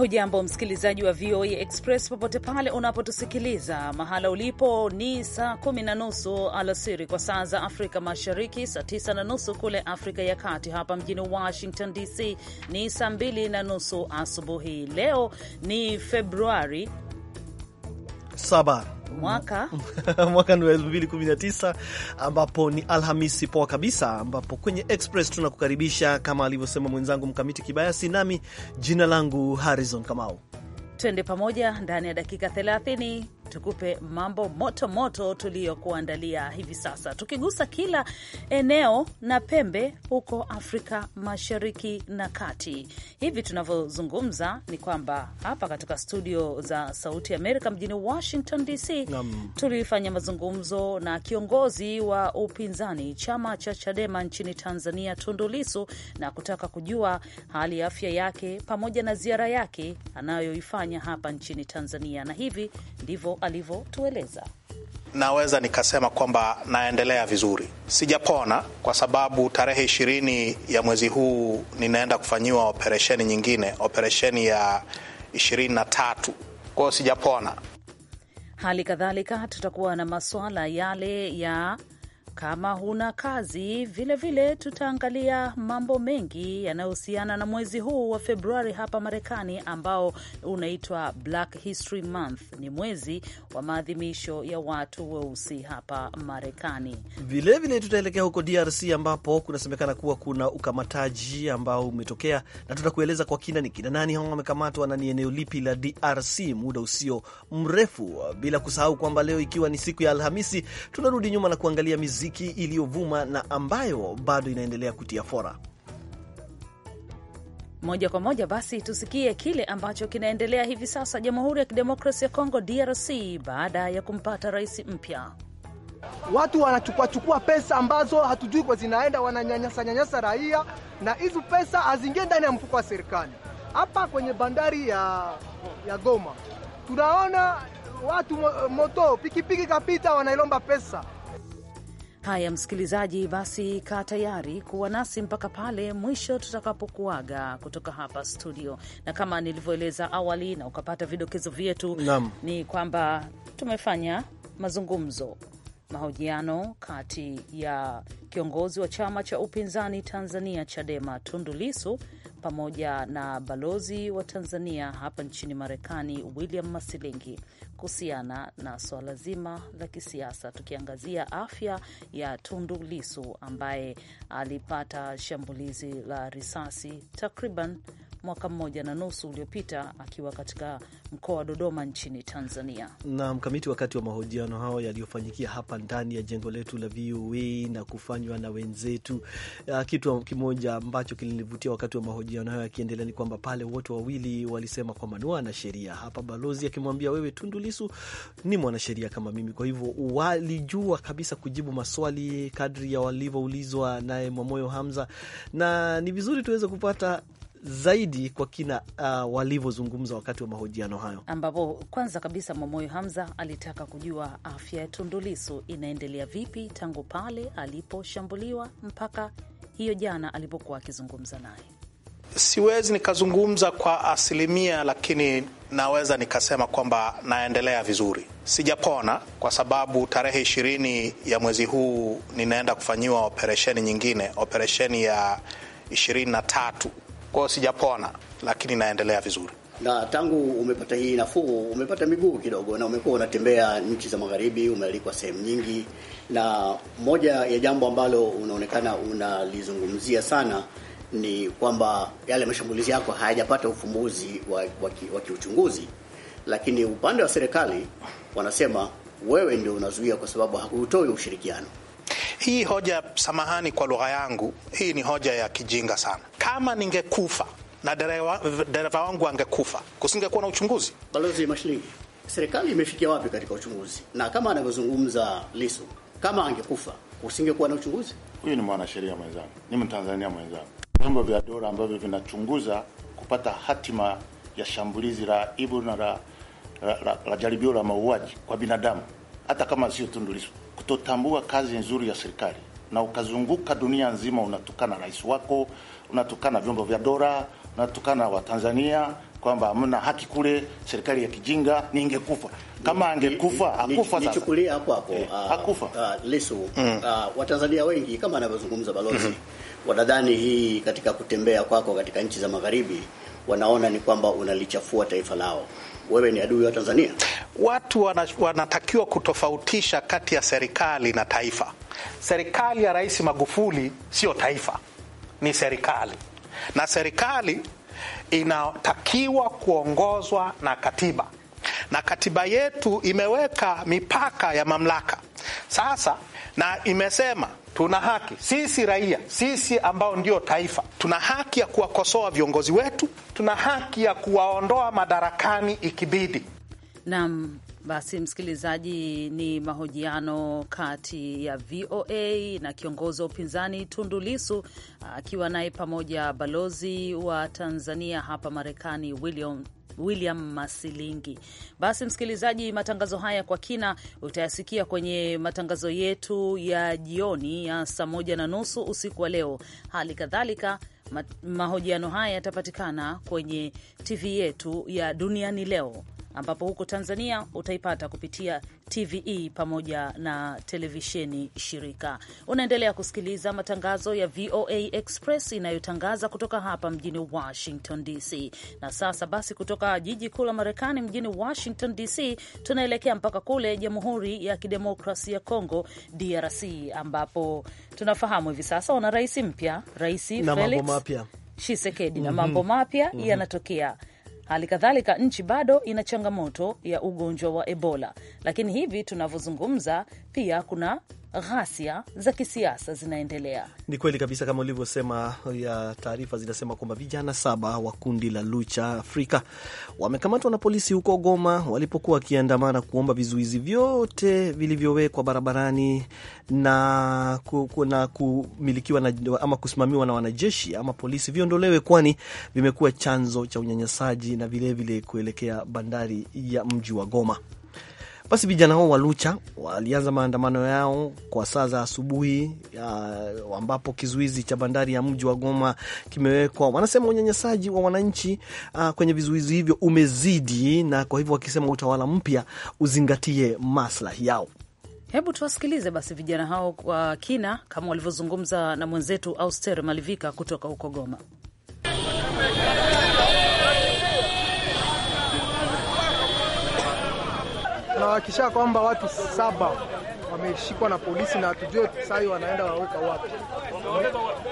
Hujambo msikilizaji wa VOA e Express popote pale unapotusikiliza, mahala ulipo ni saa kumi na nusu alasiri kwa saa za Afrika Mashariki, saa tisa na nusu kule Afrika ya Kati. Hapa mjini Washington DC ni saa mbili na nusu asubuhi. Leo ni Februari saba mwaka mwaka ni wa 2019 ambapo ni Alhamisi poa kabisa, ambapo kwenye Express tunakukaribisha kama alivyosema mwenzangu Mkamiti Kibayasi, nami jina langu Harrison Kamau. Twende pamoja ndani ya dakika 30 tukupe mambo moto moto tuliyokuandalia hivi sasa, tukigusa kila eneo na pembe huko Afrika Mashariki na Kati. Hivi tunavyozungumza ni kwamba hapa katika studio za Sauti Amerika mjini Washington DC tulifanya mazungumzo na kiongozi wa upinzani chama cha Chadema nchini Tanzania, Tundu Lissu, na kutaka kujua hali ya afya yake pamoja na ziara yake anayoifanya hapa nchini Tanzania, na hivi ndivyo alivyotueleza. Naweza nikasema kwamba naendelea vizuri, sijapona kwa sababu tarehe ishirini ya mwezi huu ninaenda kufanyiwa operesheni nyingine, operesheni ya ishirini na tatu. kwao, sijapona. Hali kadhalika tutakuwa na maswala yale ya kama huna kazi. Vilevile tutaangalia mambo mengi yanayohusiana na mwezi huu wa Februari hapa Marekani, ambao unaitwa Black History Month. Ni mwezi wa maadhimisho ya watu weusi hapa Marekani. Vilevile tutaelekea huko DRC ambapo kunasemekana kuwa kuna ukamataji ambao umetokea, na tutakueleza kwa kina ni kina nani hao wamekamatwa na ni eneo lipi la DRC muda usio mrefu, bila kusahau kwamba leo ikiwa ni siku ya Alhamisi tunarudi nyuma na kuangalia muziki muziki iliyovuma na ambayo bado inaendelea kutia fora. Moja kwa moja basi tusikie kile ambacho kinaendelea hivi sasa Jamhuri ya Kidemokrasia ya Kongo, DRC, baada ya kumpata rais mpya. Watu wanachukuachukua pesa ambazo hatujui kwa zinaenda, wananyanyasa nyanyasa raia, na hizo pesa hazingie ndani ya mfuko wa serikali. Hapa kwenye bandari ya, ya Goma tunaona watu moto pikipiki kapita, wanailomba pesa Haya msikilizaji, basi kaa tayari kuwa nasi mpaka pale mwisho tutakapokuaga kutoka hapa studio, na kama nilivyoeleza awali na ukapata vidokezo vyetu ni kwamba tumefanya mazungumzo mahojiano kati ya kiongozi wa chama cha upinzani Tanzania Chadema Tundu Lissu pamoja na balozi wa Tanzania hapa nchini Marekani William Masilingi kuhusiana na swala zima la kisiasa, tukiangazia afya ya Tundu Lisu ambaye alipata shambulizi la risasi takriban mwaka mmoja na nusu uliopita akiwa katika mkoa wa Dodoma nchini Tanzania. Na mkamiti, wakati wa mahojiano hao yaliyofanyikia hapa ndani ya jengo letu la VOA na kufanywa na wenzetu, ah, kitu kimoja ambacho kilinivutia wakati wa mahojiano hayo yakiendelea ni kwamba pale wote wawili walisema kwamba ni wanasheria, hapa balozi akimwambia wewe, Tundu Lissu ni mwanasheria kama mimi. Kwa hivyo walijua kabisa kujibu maswali kadri ya walivyoulizwa naye Mwamoyo Hamza, na ni vizuri tuweze kupata zaidi kwa kina uh, walivyozungumza wakati wa mahojiano hayo, ambapo kwanza kabisa Mwamoyo Hamza alitaka kujua afya ya tundulisu inaendelea vipi tangu pale aliposhambuliwa mpaka hiyo jana alipokuwa akizungumza naye. Siwezi nikazungumza kwa asilimia, lakini naweza nikasema kwamba naendelea vizuri. Sijapona kwa sababu tarehe ishirini ya mwezi huu ninaenda kufanyiwa operesheni nyingine, operesheni ya ishirini na tatu Kwao sijapona, lakini naendelea vizuri. Na tangu umepata hii nafuu, umepata miguu kidogo na umekuwa unatembea nchi za magharibi, umealikwa sehemu nyingi, na moja ya jambo ambalo unaonekana unalizungumzia sana ni kwamba yale mashambulizi yako hayajapata ufumbuzi wa, wa, wa kiuchunguzi, lakini upande wa serikali wanasema wewe ndio unazuia kwa sababu hakutoi ushirikiano. Hii hoja, samahani kwa lugha yangu, hii ni hoja ya kijinga sana kama ningekufa na dereva, wangu angekufa, kusingekuwa na uchunguzi. Balozi Mashlingi, serikali imefikia wapi katika uchunguzi? Na kama anavyozungumza Lisu, kama angekufa kusingekuwa na uchunguzi? Huyu ni mwanasheria mwenzangu, ni Mtanzania mwenzangu. Vyombo vya dola ambavyo vinachunguza kupata hatima ya shambulizi la ibu na la, la, la, la jaribio la mauaji kwa binadamu, hata kama sio Tundu kutotambua kazi nzuri ya serikali na ukazunguka dunia nzima unatukana rais wako unatukana vyombo vya dola, unatukana Watanzania kwamba hamna haki kule, serikali ya kijinga. Ningekufa kama angekufa, akufa. Nichukulie hapo hapo, eh, ah, akufa ah, Lissu. Mm. Ah, Watanzania wengi kama anavyozungumza balozi mm -hmm. wanadhani hii katika kutembea kwako katika nchi za magharibi wanaona ni kwamba unalichafua taifa lao. Wewe ni adui wa Tanzania. Watu wanatakiwa kutofautisha kati ya serikali na taifa. Serikali ya Rais Magufuli sio taifa ni serikali, na serikali inatakiwa kuongozwa na katiba, na katiba yetu imeweka mipaka ya mamlaka sasa, na imesema tuna haki sisi raia, sisi ambao ndio taifa, tuna haki ya kuwakosoa viongozi wetu, tuna haki ya kuwaondoa madarakani ikibidi. Naam, basi msikilizaji, ni mahojiano kati ya VOA na kiongozi wa upinzani Tundu Lisu akiwa naye pamoja balozi wa Tanzania hapa Marekani William William Masilingi. Basi msikilizaji, matangazo haya kwa kina utayasikia kwenye matangazo yetu ya jioni ya saa moja na nusu usiku wa leo. Hali kadhalika mahojiano haya yatapatikana kwenye TV yetu ya Duniani Leo ambapo huko Tanzania utaipata kupitia TVE pamoja na televisheni shirika. Unaendelea kusikiliza matangazo ya VOA Express inayotangaza kutoka hapa mjini Washington DC. Na sasa basi, kutoka jiji kuu la Marekani mjini Washington DC, tunaelekea mpaka kule Jamhuri ya Kidemokrasia ya Kongo, DRC, ambapo tunafahamu hivi sasa wana rais mpya, Rais Felix Tshisekedi, na mhm. mambo mapya mhm. yanatokea mm -hmm. Hali kadhalika nchi bado ina changamoto ya ugonjwa wa Ebola, lakini hivi tunavyozungumza pia kuna ghasia za kisiasa zinaendelea. Ni kweli kabisa kama ulivyosema, ya taarifa zinasema kwamba vijana saba wa kundi la Lucha Afrika wamekamatwa na polisi huko Goma walipokuwa wakiandamana kuomba vizuizi vyote vilivyowekwa barabarani na, ku, ku, na kumilikiwa na, ama kusimamiwa na wanajeshi ama polisi viondolewe, kwani vimekuwa chanzo cha unyanyasaji na vilevile kuelekea bandari ya mji wa Goma. Basi vijana hao wa Lucha walianza maandamano yao kwa saa za asubuhi, ambapo kizuizi cha bandari ya mji wa Goma kimewekwa. Wanasema unyanyasaji wa wananchi a, ah, kwenye vizuizi hivyo umezidi, na kwa hivyo wakisema utawala mpya uzingatie maslahi yao. Hebu tuwasikilize basi vijana hao kwa kina, kama walivyozungumza na mwenzetu Auster Malivika kutoka huko Goma. tunahakikisha kwamba watu saba wameshikwa na polisi na hatujue sai wanaenda waweka wapi,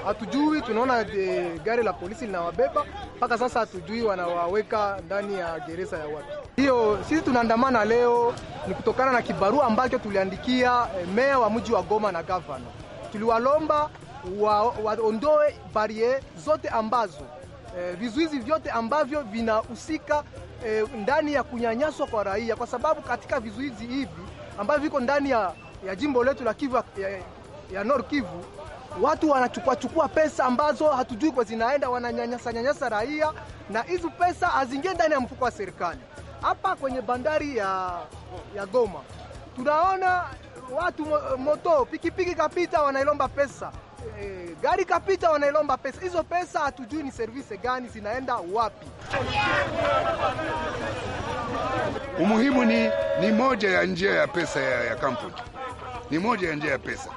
hatujui. Tunaona eh, gari la polisi linawabeba mpaka sasa, hatujui wanawaweka ndani ya gereza ya wapi. Hiyo sisi tunaandamana leo ni kutokana na kibarua ambacho tuliandikia eh, meya wa mji wa Goma na gavana, tuliwalomba waondoe wa barie zote ambazo e, vizuizi vyote ambavyo vinahusika e, ndani ya kunyanyaswa kwa raia, kwa sababu katika vizuizi hivi ambavyo viko ndani ya, ya jimbo letu la Kivu ya, ya Nord Kivu watu chukua pesa ambazo hatujui kwa zinaenda, wananyanyasa nyanyasa raia, na hizo pesa hazingie ndani ya mfuko wa serikali. Hapa kwenye bandari ya, ya Goma tunaona watu moto pikipiki kapita wanailomba pesa Eh, gari kapita, wanailomba pesa. Hizo pesa hatujui ni service gani zinaenda wapi. Umuhimu ni, ni moja ya njia ya pesa ya, ya kampuni ni moja ya njia ya pesa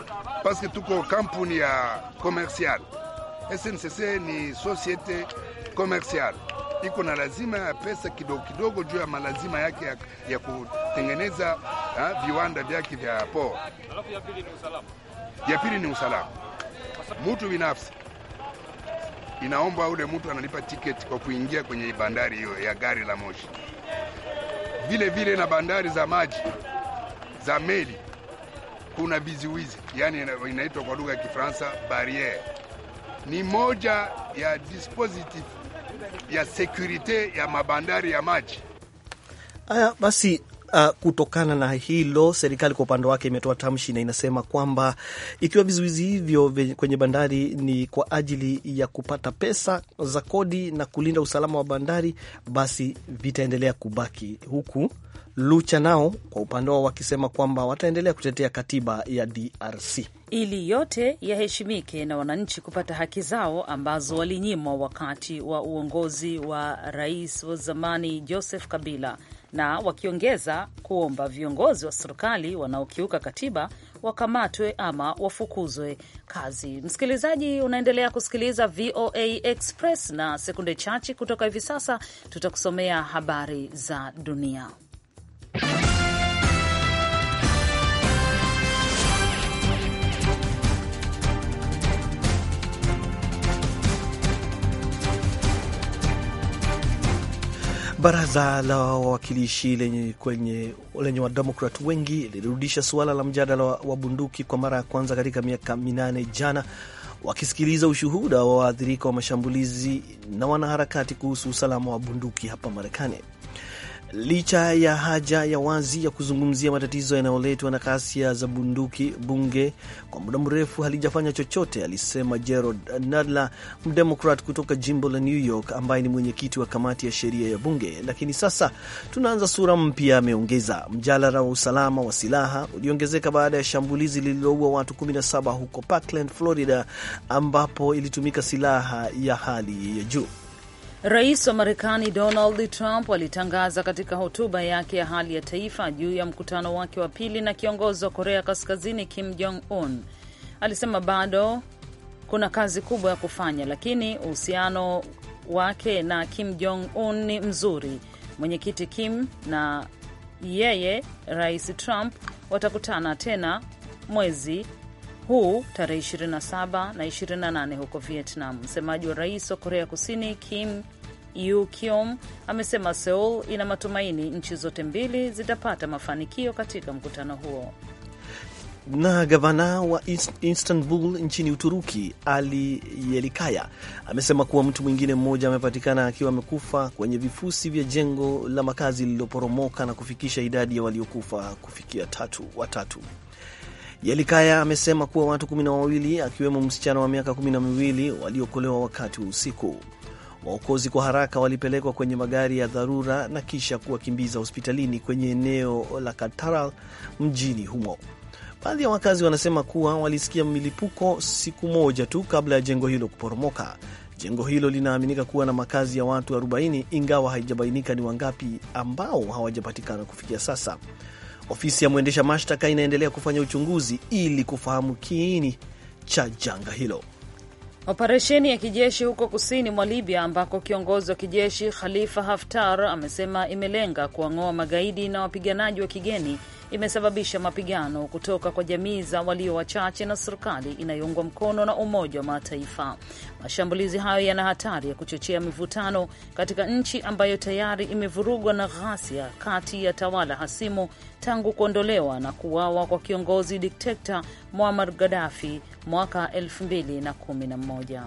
paske tuko kampuni ya komersial. SNCC ni societe komersial iko na lazima ya pesa kidogo kidogo juu ya malazima yake ya, ya kutengeneza ha, ah, viwanda vyake vya port. Ya pili ni usalama mtu binafsi inaomba ule mtu analipa tiketi kwa kuingia kwenye bandari hiyo ya gari la moshi, vile vile na bandari za maji za meli kuna viziwizi, yani inaitwa kwa lugha ya Kifaransa barriere. Ni moja ya dispositif ya sekurite ya mabandari ya maji. Aya, basi Uh, kutokana na hilo serikali kwa upande wake imetoa tamshi na inasema kwamba ikiwa vizuizi hivyo kwenye bandari ni kwa ajili ya kupata pesa za kodi na kulinda usalama wa bandari, basi vitaendelea kubaki, huku Lucha nao kwa upande wao wakisema kwamba wataendelea kutetea katiba ya DRC ili yote yaheshimike na wananchi kupata haki zao ambazo walinyimwa wakati wa uongozi wa rais wa zamani Joseph Kabila na wakiongeza kuomba viongozi wa serikali wanaokiuka katiba wakamatwe ama wafukuzwe kazi. Msikilizaji, unaendelea kusikiliza VOA Express, na sekunde chache kutoka hivi sasa tutakusomea habari za dunia. Baraza la wawakilishi lenye, kwenye, lenye wademokrat wengi lilirudisha suala la mjadala wa bunduki kwa mara ya kwanza katika miaka minane jana, wakisikiliza ushuhuda wa waathirika wa mashambulizi na wanaharakati kuhusu usalama wa bunduki hapa Marekani. Licha ya haja ya wazi ya kuzungumzia matatizo yanayoletwa na ghasia za bunduki, bunge kwa muda mrefu halijafanya chochote, alisema Gerald Nadler, mdemokrat kutoka jimbo la New York ambaye ni mwenyekiti wa kamati ya sheria ya bunge. Lakini sasa tunaanza sura mpya, ameongeza. Mjadala wa usalama wa silaha uliongezeka baada ya shambulizi lililoua watu 17 huko Parkland, Florida, ambapo ilitumika silaha ya hali ya juu. Rais wa Marekani Donald Trump alitangaza katika hotuba yake ya hali ya taifa juu ya mkutano wake wa pili na kiongozi wa Korea Kaskazini Kim Jong Un. Alisema bado kuna kazi kubwa ya kufanya, lakini uhusiano wake na Kim Jong Un ni mzuri. Mwenyekiti Kim na yeye Rais Trump watakutana tena mwezi huu tarehe 27 na 28 huko Vietnam. Msemaji wa rais wa Korea Kusini Kim Ukiom amesema Seul ina matumaini nchi zote mbili zitapata mafanikio katika mkutano huo. Na gavana wa Istanbul nchini Uturuki Ali Yelikaya amesema kuwa mtu mwingine mmoja amepatikana akiwa amekufa kwenye vifusi vya jengo la makazi lililoporomoka na kufikisha idadi ya waliokufa kufikia tatu watatu yelikaya amesema kuwa watu kumi na wawili akiwemo msichana wa miaka kumi na miwili waliokolewa wakati wa usiku. Waokozi kwa haraka walipelekwa kwenye magari ya dharura na kisha kuwakimbiza hospitalini kwenye eneo la Kataral mjini humo. Baadhi ya wakazi wanasema kuwa walisikia milipuko siku moja tu kabla ya jengo hilo kuporomoka. Jengo hilo linaaminika kuwa na makazi ya watu 40 ingawa haijabainika ni wangapi ambao hawajapatikana kufikia sasa. Ofisi ya mwendesha mashtaka inaendelea kufanya uchunguzi ili kufahamu kiini cha janga hilo. Operesheni ya kijeshi huko kusini mwa Libya ambako kiongozi wa kijeshi Khalifa Haftar amesema imelenga kuwang'oa magaidi na wapiganaji wa kigeni imesababisha mapigano kutoka kwa jamii za walio wachache na serikali inayoungwa mkono na Umoja wa Mataifa. Mashambulizi hayo yana hatari ya kuchochea mivutano katika nchi ambayo tayari imevurugwa na ghasia kati ya tawala hasimu tangu kuondolewa na kuuawa kwa kiongozi dikteta Muammar Gaddafi mwaka 2011.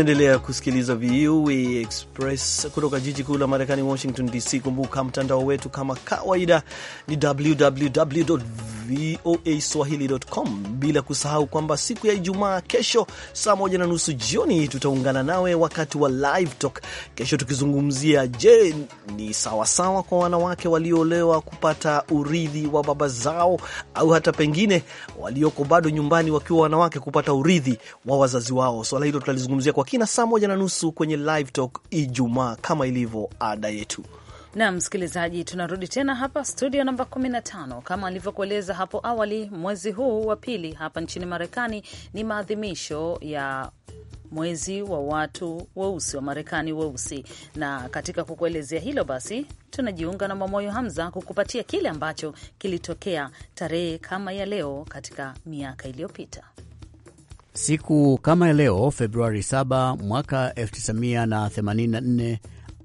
Unaendelea kusikiliza VOA Express kutoka jiji kuu la Marekani, Washington DC. Kumbuka mtandao wetu kama kawaida ni www VOA bila kusahau kwamba siku ya Ijumaa kesho saa moja na nusu jioni tutaungana nawe wakati wa Live Talk kesho, tukizungumzia je, ni sawasawa kwa wanawake walioolewa kupata urithi wa baba zao au hata pengine walioko bado nyumbani wakiwa wanawake kupata urithi wa wazazi wao. Swala so, hilo tutalizungumzia kwa kina saa moja na nusu kwenye Live Talk Ijumaa kama ilivyo ada yetu. Na msikilizaji, tunarudi tena hapa studio namba 15. Kama alivyokueleza hapo awali, mwezi huu wa pili hapa nchini Marekani ni maadhimisho ya mwezi wa watu weusi wa Marekani weusi, na katika kukuelezea hilo basi tunajiunga na Mwamoyo Hamza kukupatia kile ambacho kilitokea tarehe kama ya leo katika miaka iliyopita. Siku kama ya leo Februari 7 mwaka 1984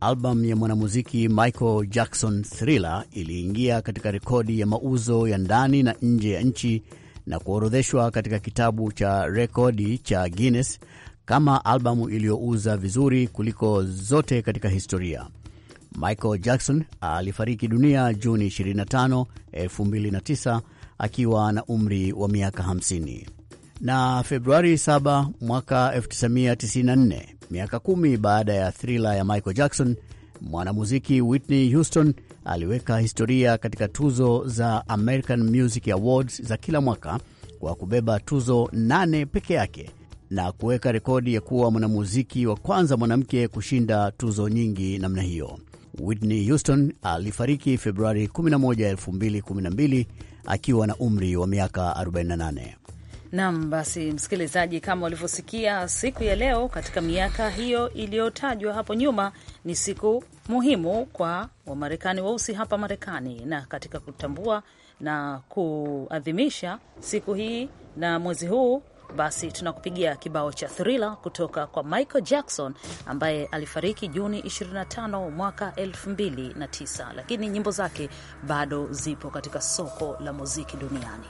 albam ya mwanamuziki Michael Jackson Thriller iliingia katika rekodi ya mauzo ya ndani na nje ya nchi na kuorodheshwa katika kitabu cha rekodi cha Guinness kama albamu iliyouza vizuri kuliko zote katika historia. Michael Jackson alifariki dunia Juni 25, 2009 akiwa na umri wa miaka 50. Na Februari 7 mwaka 1994 Miaka kumi baada ya Thriller ya Michael Jackson, mwanamuziki Whitney Houston aliweka historia katika tuzo za American Music Awards za kila mwaka kwa kubeba tuzo nane peke yake na kuweka rekodi ya kuwa mwanamuziki wa kwanza mwanamke kushinda tuzo nyingi namna hiyo. Whitney Houston alifariki Februari 11, 2012 akiwa na umri wa miaka 48. Nam, basi msikilizaji, kama ulivyosikia, siku ya leo katika miaka hiyo iliyotajwa hapo nyuma ni siku muhimu kwa Wamarekani weusi hapa Marekani, na katika kutambua na kuadhimisha siku hii na mwezi huu basi tunakupigia kibao cha Thriller kutoka kwa Michael Jackson ambaye alifariki Juni 25 mwaka 2009, lakini nyimbo zake bado zipo katika soko la muziki duniani.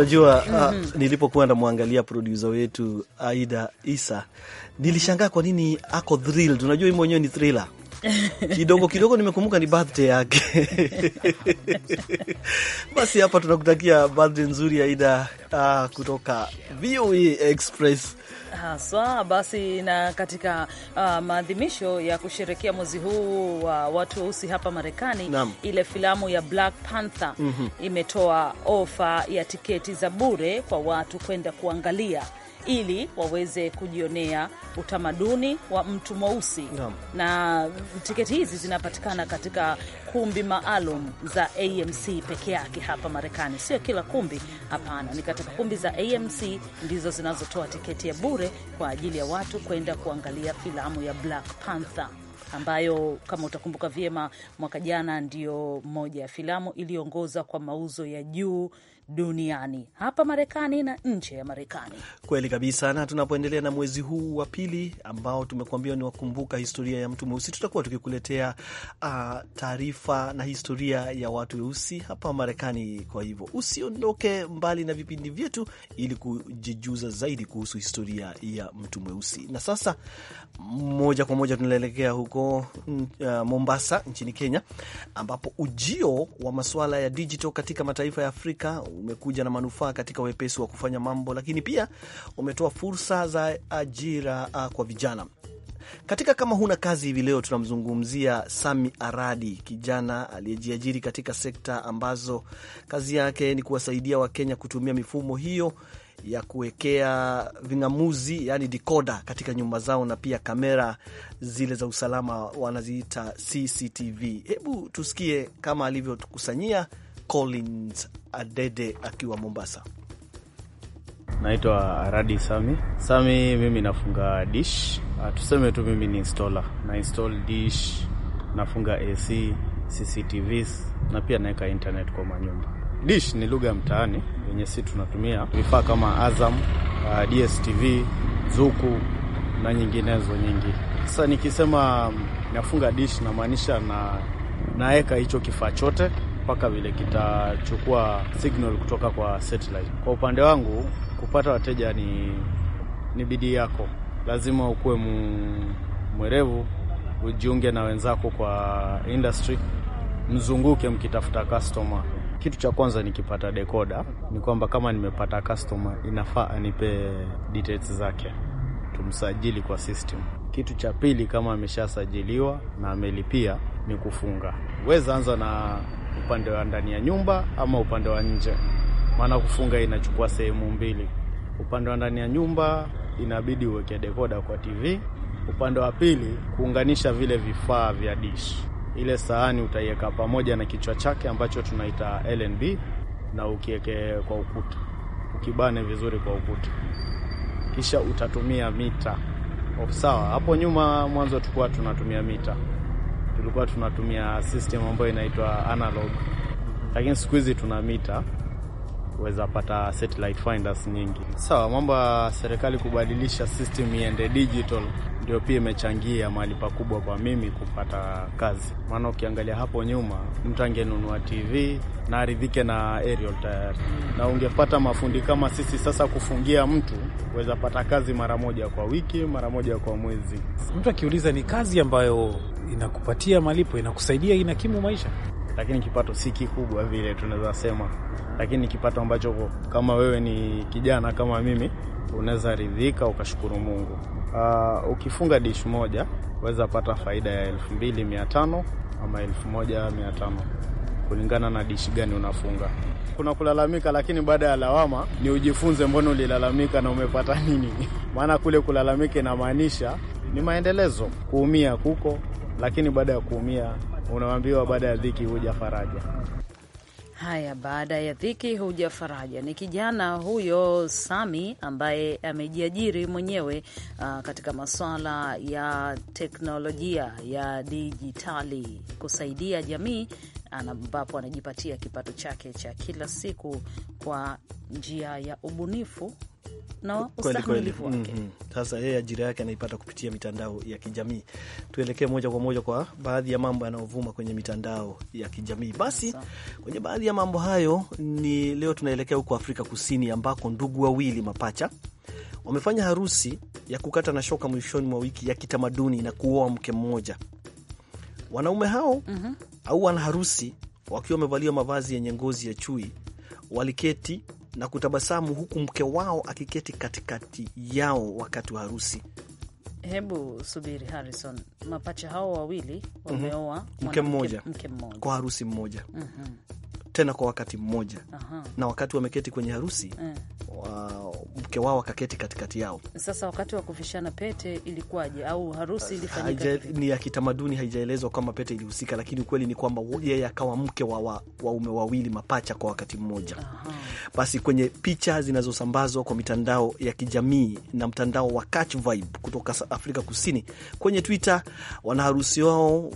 Unajua mm -hmm. Uh, nilipokuwa namwangalia produsa wetu Aida Isa nilishangaa kwa nini ako thrilled. Unajua mwenyewe ni thriller kidogo kidogo nimekumbuka ni birthday yake. Basi hapa tunakutakia birthday nzuri Aida, ah, kutoka VOA e Express haswa. Basi na katika uh, maadhimisho ya kusherekea mwezi huu wa uh, watu weusi hapa Marekani ile filamu ya Black Panther mm -hmm. imetoa ofa ya tiketi za bure kwa watu kwenda kuangalia ili waweze kujionea utamaduni wa mtu mweusi Na tiketi hizi zinapatikana katika kumbi maalum za AMC peke yake hapa Marekani, sio kila kumbi, hapana. Ni katika kumbi za AMC ndizo zinazotoa tiketi ya bure kwa ajili ya watu kwenda kuangalia filamu ya Black Panther ambayo kama utakumbuka vyema mwaka jana ndiyo moja ya filamu iliongoza kwa mauzo ya juu duniani hapa Marekani na nje ya Marekani. Kweli kabisa, na tunapoendelea na mwezi huu wa pili ambao tumekuambia ni wakumbuka historia ya mtu mweusi, tutakuwa tukikuletea uh, taarifa na historia ya watu weusi hapa Marekani. Kwa hivyo usiondoke mbali na vipindi vyetu ili kujijuza zaidi kuhusu historia ya mtu mweusi. Na sasa moja kwa moja tunaelekea huko uh, Mombasa nchini Kenya, ambapo ujio wa masuala ya digital katika mataifa ya Afrika umekuja na manufaa katika wepesi wa kufanya mambo, lakini pia umetoa fursa za ajira uh, kwa vijana katika kama huna kazi hivi leo, tunamzungumzia Sami Aradi, kijana aliyejiajiri katika sekta ambazo kazi yake ni kuwasaidia Wakenya kutumia mifumo hiyo ya kuwekea ving'amuzi, yani dikoda katika nyumba zao, na pia kamera zile za usalama wanaziita CCTV. Hebu tusikie kama alivyotukusanyia Collins Adede akiwa Mombasa. Naitwa Radi Sami Sami, mimi nafunga dish, ah, tuseme tu mimi ni installer, na install dish, nafunga AC, CCTVs na pia naweka internet kwa manyumba. Dish ni lugha ya mtaani yenye si tunatumia vifaa kama Azam, ah, DSTV, Zuku na nyinginezo nyingi. Sasa nikisema nafunga dish, namaanisha na naweka hicho kifaa chote mpaka vile kitachukua signal kutoka kwa satellite. Kwa upande wangu kupata wateja ni, ni bidii yako, lazima ukuwe mwerevu, ujiunge na wenzako kwa industry, mzunguke mkitafuta customer. Kitu cha kwanza nikipata dekoda ni kwamba kama nimepata customer inafaa anipe details zake tumsajili kwa system. Kitu cha pili kama ameshasajiliwa na amelipia ni kufunga. Weza anza na upande wa ndani ya nyumba ama upande wa nje, maana kufunga inachukua sehemu mbili. Upande wa ndani ya nyumba inabidi uweke dekoda kwa TV. Upande wa pili kuunganisha vile vifaa vya dish. Ile sahani utaiweka pamoja na kichwa chake ambacho tunaita LNB, na ukiweke kwa ukuta, ukibane vizuri kwa ukuta, kisha utatumia mita sawa. Hapo nyuma mwanzo tukuwa tunatumia mita tulikuwa tunatumia system ambayo inaitwa analog, lakini siku hizi tuna mita kuweza pata satellite finders nyingi. Sawa, mambo ya serikali kubadilisha system iende digital ndio pia imechangia mahali pakubwa kwa mimi kupata kazi, maana ukiangalia hapo nyuma mtu angenunua TV na aridhike na aerial tayari, na ungepata mafundi kama sisi. Sasa kufungia mtu uweza pata kazi mara moja kwa wiki, mara moja kwa mwezi. Mtu akiuliza, ni kazi ambayo inakupatia malipo, inakusaidia, inakimu maisha lakini kipato si kikubwa vile tunaweza sema, lakini kipato ambacho kama wewe ni kijana kama mimi unaweza ridhika ukashukuru Mungu. Uh, ukifunga dish moja waweza pata faida ya elfu ama elfu kulingana na dish gani unafunga. Kuna kulalamika, lakini baada ya lawama ni ujifunze, mbona ulilalamika na umepata nini? Maana kule kulalamika inamaanisha ni maendelezo. Kuumia kuko, lakini baada ya kuumia unaambiwa baada ya dhiki huja faraja. Haya, baada ya dhiki huja faraja, ni kijana huyo Sami ambaye amejiajiri mwenyewe uh, katika masuala ya teknolojia ya dijitali kusaidia jamii ambapo anajipatia kipato chake cha kila siku kwa njia ya ubunifu na ustahimilivu wake. Mm-hmm. Sasa mm -hmm. yeye ajira yake anaipata kupitia mitandao ya kijamii. Tuelekee moja kwa moja kwa baadhi ya mambo yanayovuma kwenye mitandao ya kijamii basi. kwenye baadhi ya mambo hayo ni leo tunaelekea huko Afrika Kusini ambako ndugu wawili mapacha wamefanya harusi ya kukata na shoka mwishoni mwa wiki ya kitamaduni na kuoa mke mmoja Wanaume hao mm -hmm. au wanaharusi wakiwa wamevalia mavazi yenye ngozi ya chui waliketi na kutabasamu huku mke wao akiketi katikati yao wakati wa harusi. Hebu subiri, Harrison, mapacha hao wawili mhm. wameoa mke mmoja kwa harusi mmoja. mm -hmm tena kwa wakati mmoja. Aha. Na wakati wameketi kwenye harusi eh, wa, mke wao akaketi katikati yao. Sasa wakati wa kuvishana pete ilikuwaje? Au harusi ilifanyika ni ya kitamaduni, haijaelezwa kwamba pete ilihusika, lakini ukweli ni kwamba yeye akawa mke wa waume wa wawili mapacha kwa wakati mmoja. Aha. Basi kwenye picha zinazosambazwa kwa mitandao ya kijamii na mtandao wa Catch Vibe kutoka Afrika Kusini kwenye Twitter, wanaharusi wao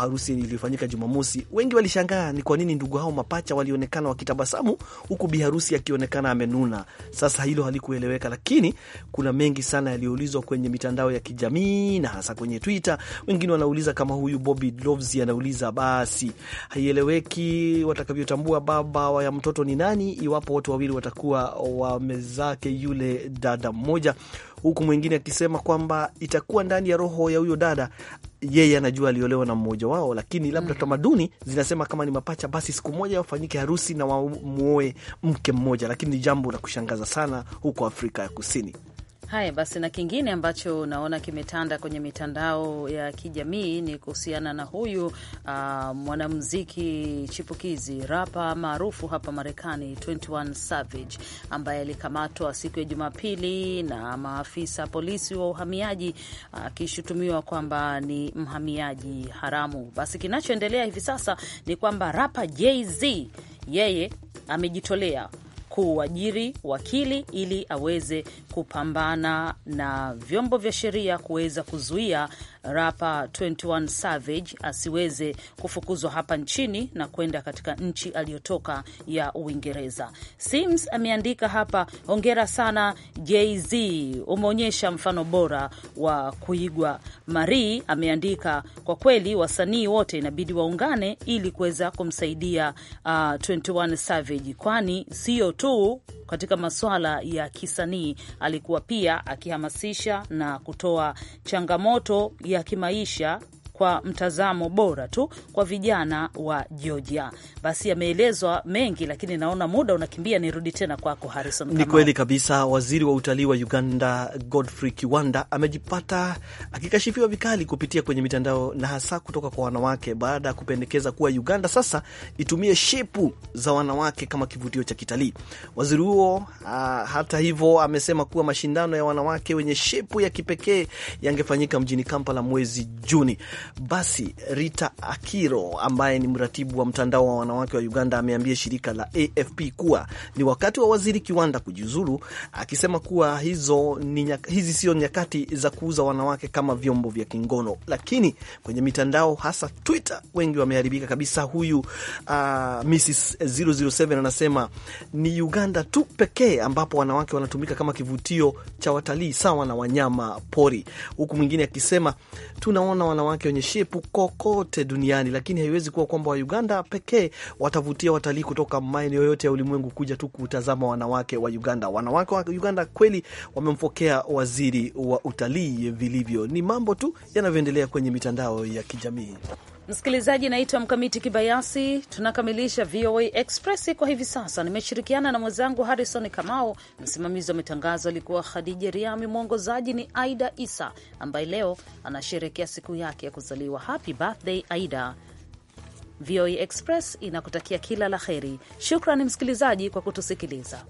harusi iliyofanyika Jumamosi, wengi walishangaa ni kwa nini ndugu hao mapacha walionekana wakitabasamu huku biharusi akionekana amenuna. Sasa hilo halikueleweka, lakini kuna mengi sana yaliyoulizwa kwenye mitandao ya kijamii na hasa kwenye Twitter. Wengine wanauliza kama huyu Bobby Lovesy anauliza, basi haieleweki watakavyotambua baba ya mtoto ni nani iwapo watu wawili watakuwa wamezake yule dada mmoja, huku mwingine akisema kwamba itakuwa ndani ya roho ya huyo dada yeye anajua aliolewa na mmoja wao, lakini labda mm, tamaduni zinasema kama ni mapacha, basi siku moja wafanyike harusi na wamuoe mke mmoja, lakini ni jambo la kushangaza sana huko Afrika ya Kusini. Haya basi, na kingine ambacho naona kimetanda kwenye mitandao ya kijamii ni kuhusiana na huyu uh, mwanamuziki chipukizi rapa maarufu hapa Marekani 21 Savage ambaye alikamatwa siku ya Jumapili na maafisa polisi wa uhamiaji akishutumiwa uh, kwamba ni mhamiaji haramu. Basi kinachoendelea hivi sasa ni kwamba rapa Jay-Z yeye amejitolea kuajiri wakili ili aweze kupambana na vyombo vya sheria kuweza kuzuia rapa 21 Savage asiweze kufukuzwa hapa nchini na kwenda katika nchi aliyotoka ya Uingereza. Sims ameandika hapa, hongera sana JZ, umeonyesha mfano bora wa kuigwa. Marie ameandika, kwa kweli wasanii wote inabidi waungane ili kuweza kumsaidia uh, 21 Savage, kwani sio tu katika masuala ya kisanii, alikuwa pia akihamasisha na kutoa changamoto ya ya kimaisha kwa mtazamo bora tu kwa vijana wa Georgia. Basi yameelezwa mengi, lakini naona muda unakimbia. Nirudi tena kwako Harrison. Ni kweli kabisa. Waziri wa utalii wa Uganda Godfrey Kiwanda amejipata akikashifiwa vikali kupitia kwenye mitandao na hasa kutoka kwa wanawake baada ya kupendekeza kuwa Uganda sasa itumie shepu za wanawake kama kivutio cha kitalii. Waziri huo ah, hata hivyo amesema kuwa mashindano ya wanawake wenye shepu ya kipekee yangefanyika mjini Kampala mwezi Juni. Basi Rita Akiro ambaye ni mratibu wa mtandao wa wanawake wa Uganda ameambia shirika la AFP kuwa ni wakati wa waziri Kiwanda kujiuzulu, akisema kuwa hizo ni, hizi sio nyakati za kuuza wanawake kama vyombo vya kingono. Lakini kwenye mitandao hasa Twitter wengi wameharibika kabisa. Huyu uh, Mrs 007 anasema ni Uganda tu pekee ambapo wanawake wanatumika kama kivutio cha watalii sawa na wanyama pori, huku mwingine akisema tunaona wanawake kwenye shepu kokote duniani, lakini haiwezi kuwa kwamba wa Uganda pekee watavutia watalii kutoka maeneo yote ya ulimwengu kuja tu kutazama wanawake wa Uganda. Wanawake wa Uganda kweli wamempokea waziri wa utalii vilivyo. Ni mambo tu yanavyoendelea kwenye mitandao ya kijamii. Msikilizaji, naitwa Mkamiti Kibayasi. Tunakamilisha VOA Express kwa hivi sasa. Nimeshirikiana na mwenzangu Harrison Kamau, msimamizi wa matangazo alikuwa Khadija Riami, mwongozaji ni Aida Isa ambaye leo anasherekea siku yake ya kuzaliwa. Happy birthday Aida! VOA Express inakutakia kila la heri. Shukrani msikilizaji kwa kutusikiliza.